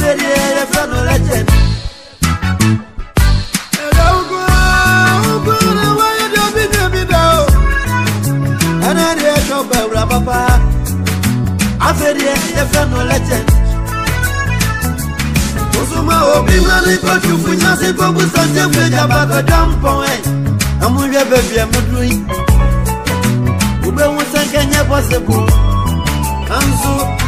vedere fanno la gente Papa, I feel the fan of legend. Osuma obi mani kotu funya se kobu sanje funya bako eh. Amu ya bebi amudui. Ube wusanke nye possible. Anzu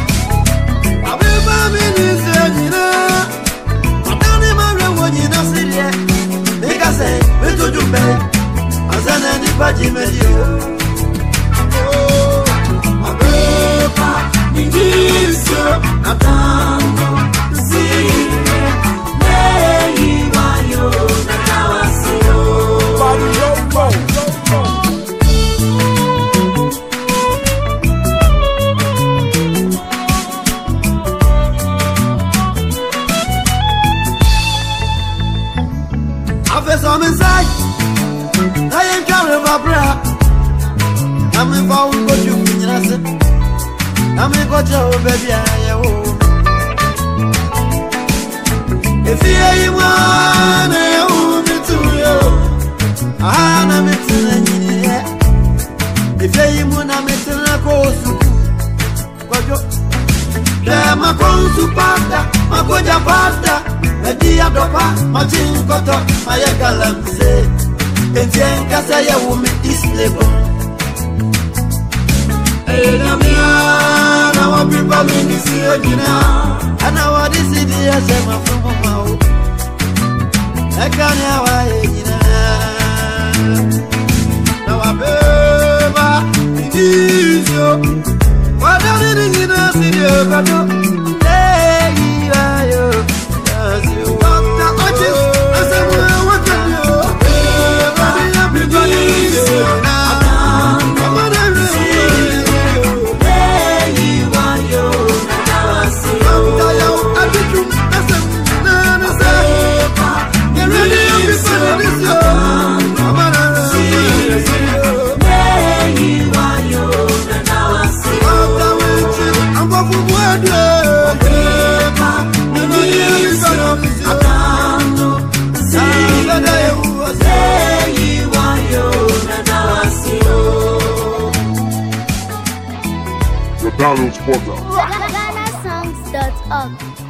Professor Mensai, I am Carol Vabra. I'm in for one coach oh. you in Rasen. I'm in coach your baby. If you are you one, I am to you. I am it If you are you one, I'm it to the coast. Kojo. Dema con su pata, ma coja pata medi adɔpa magye nkɔtɔ mayɛ galamse enti ɛnkasa yɛ wo me islebo ɛyɛ nyamea na wɔpepa me ne sie nyinaa ɛna wɔde sidi ɛhyɛ mafo moma wo ɛka ne a wayɛ nyinaa na wabeba nidisio wɔdɔne ne si sidie e bɛdɔ Donald Porter. Ghana up.